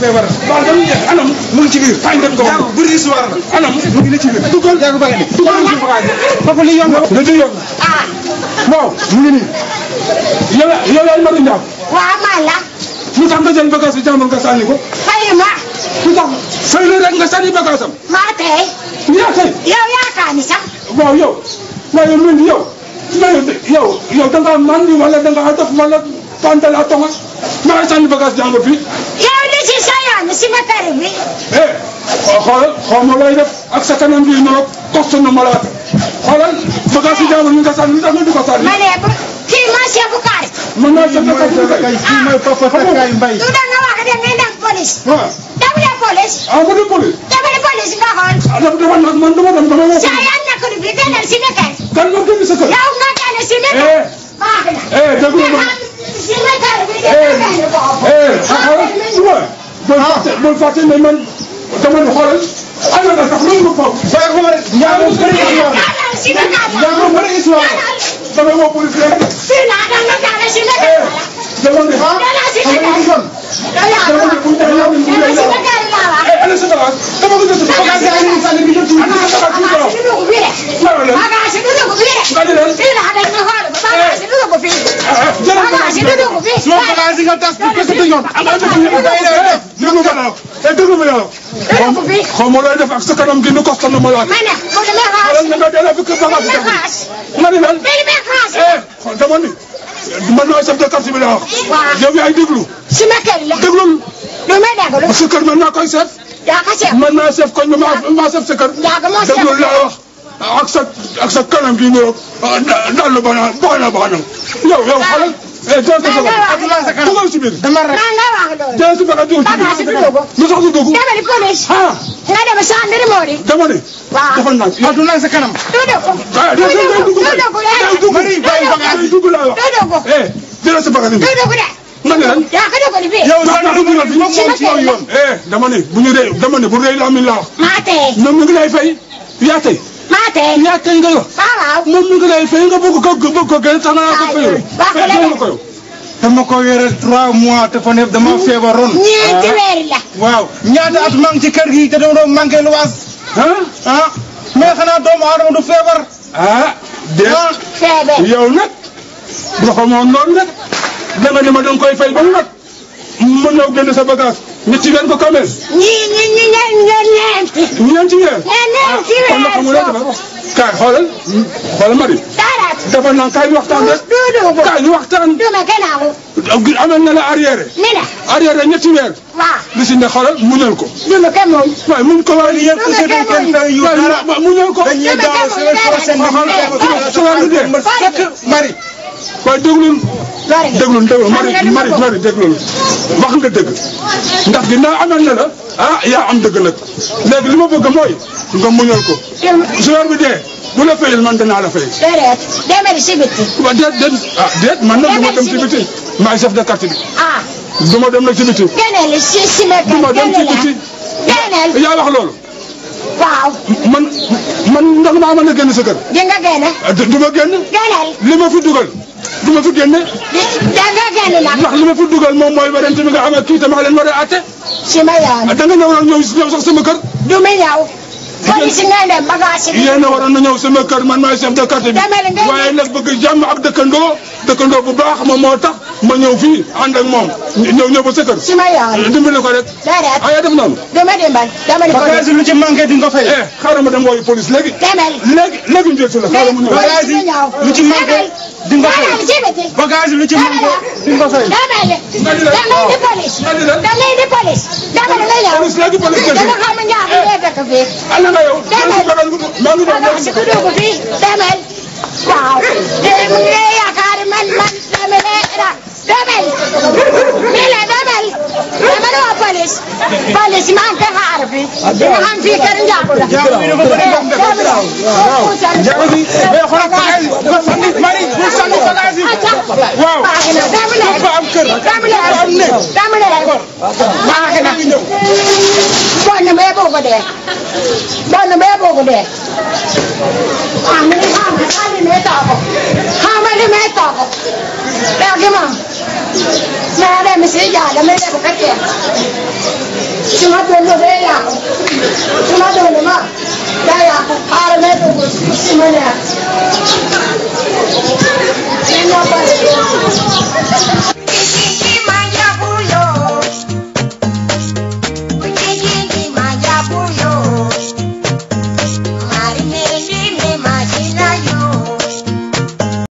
feebar waaw dañuy def anam mu ngi ci biir fay dem gox bu bëri histoire la anam mu ngi ci biir dugal yaa ko bàyyi dugal ci bagage foofu li yoon la di yoon ah waaw mu ngi nii yow yow yaay Matou Ndiaye waaw maa la lu tax nga jël bagage bi jàmbur nga sànni ko fay ma lu tax fay la rek nga sànni bagage am maa tey yaa tey yow yaa kaani sax waaw yow waaw yow Mendy yow yow yow da ngaa màndi wala da ngaa def wala pante laa toŋa ma ngi sànni bagage jàng fii. yow li ci sa yoon si ma kër bi. eh xoolal xaw ma looy def ak sa kanam bii noonu coxtu na ma laa ko xoolal bagage yi jàng ñu ngi ko sànni ndax ñu ngi ko sànni. ma ne bu kii ma seebu kaar. mën naa seetlu ko bu mbay kii mooy papa Sakay Mbaye. Ah, du doon nga wax da ngay dem police. waaw dem na police. ah mu dem police. dem na police nga xool. ah dama dama man dama dem dama woo. كل بيت انا سمكه كان ممكن مسكر لا ما كان سمكه ايه ايه تقول سمكه ايه ايه بالفاتح من تمن خالص انا بتخلص من فوق يا عمر يا عمر يا عمر اسمع طب هو بوليس لا لا لا لا لا لا لا لا لا لا لا لا لا di nga tas di kese di yoon. amoo déglu ma yow déglu ma yow déglu ma yow. xaw ma looy def ak sa kanam gi nu ko sonn ma laaj. ma ne ma ne ma xaas. wala nga delloo fi kër Baba bi tax. ma ne lan. bëri ma xaas. eh dama ni. man maa chef de quartier bi la wax. waaw yow yaay déglu. su ma kër la déglul. lu ma déglu. sa kër man maa koy seet. yaa ko seet. man maa chef koñ ma maa chef sa kër. yaa ko moo chef déglul laa wax. ak sa ak sa kanam gi nga dàll ba naa boo naa boo naa yow yow xoolal. eh jël ah. ah, eh, sa bopp dugal ci biir. dama rek jël sa bopp dugal ci biir. lu tax du dugg. ah. dama ne. waaw dafa naan waaw du naan sa kanam. doo ma ne lan yow daanaka dugg na fi moom ci yow yoon. dama ne bu ñu dee dama ne bu dee la am la wax. maa tey ñoom ñu ngi lay fay yaa tey. ñaatee. ñaatee nga la. waaw moom mi ngi lay fay nga bëgg ko bëgg ko gën sax na ko fay. waaw ko dama ko yore trois mois te fa nekk dama hmm. feebaroon. ñeenti weer la. Ah. waaw gi te hmm. ah. Ah. feebar. ah déet. feebar yow ma danga koy fay ba mu nag. mën na génn sa bagage. ñetti weer ba combien. ñii ñii ñii ñeenti. ñeenti weer. ñeenti weer kon xam nga loolu dafa. kaay xoolal. xoolal Mari. dafa naan kaay waxtaan rek. duudu kaay ñu waxtaan. duuma gannaaw. amal na la arrière. ni la. arrière ñetti weer. waaw li si ne xoolal muñal ko. duuma kenn moom. waaye muñ ko waaye. duuma kenn moom waaye muñal ko. duuma waaye déglul déglul déglul mari mari mari déglul wax nga dëgg ndax ginnaaw amal na la ah yaa am dëgg nag léegi li ma bëgg mooy nga muñal ko joueur bi dee bu la fayal man danaa la fayal. déedéet demeeri si biti. waaw déet déet ah déet man nag du ma dem si biti maay chef de quartier bi. ah du ma dem nag si biti. gënal si si la du ma dem si biti. gënal yaa wax loolu. waaw man man. maa mën a génn sa kër. di nga génne. Ah, du ma génn. génneel li ma fi dugal. du ma fi génne. da nga génn la. ndax li ma fi dugal moom mooy werante bi nga xam ne kii tamit leen war a àtte. si ma yaanu. Ah, da nga ñëw ñëw sax sama kër. du ma ñëw. police nee na bagage bi yéen a waroon na ñëw sama kër man maay chef de quartier bi waaye nag bëgg jàmm ak dëkkandoo dëkkandoo bu baax moom moo tax ma ñëw fii ànd ak moom ñëw ñëw ba sa kër. su ma yaay dimbali ko rek. déedéet ah yaa def noonu. dama dimbal dama dimbal. bagage lu ci manqué di nga ko fay. xaaral ma dem wooyu police léegi. demal léegi léegi njëriñ la xaaral ma ñëw. lu ci manqué Din bakayım. Bak ağzım ne çabuk. Din bakayım. Demeli. Demeli polis. Demeli polis. Demeli öyle. Onu silahı polis kesin. Demeli kalmın ya. Ne bakı be. Allah ya. Demeli. Mangu da. Mangu da. Demeli. Wow. Demeli ya karmen man demeli. Demeli. Mila demeli. Demeli باليش باليش ما انت عارفي ما عندي كان جابولا جابولا بيخرج تعالي بسميك مريض بسميك العزيز واو دامنا دامنا دامنا معنا بنا ما يبغوا ده بنا ما يبغوا ده عمري ما عمري ما يتعبوا عمري ما يتعبوا يا جماعه Nära musik alla med det kake. Shima ma. Daya har me to shima ne.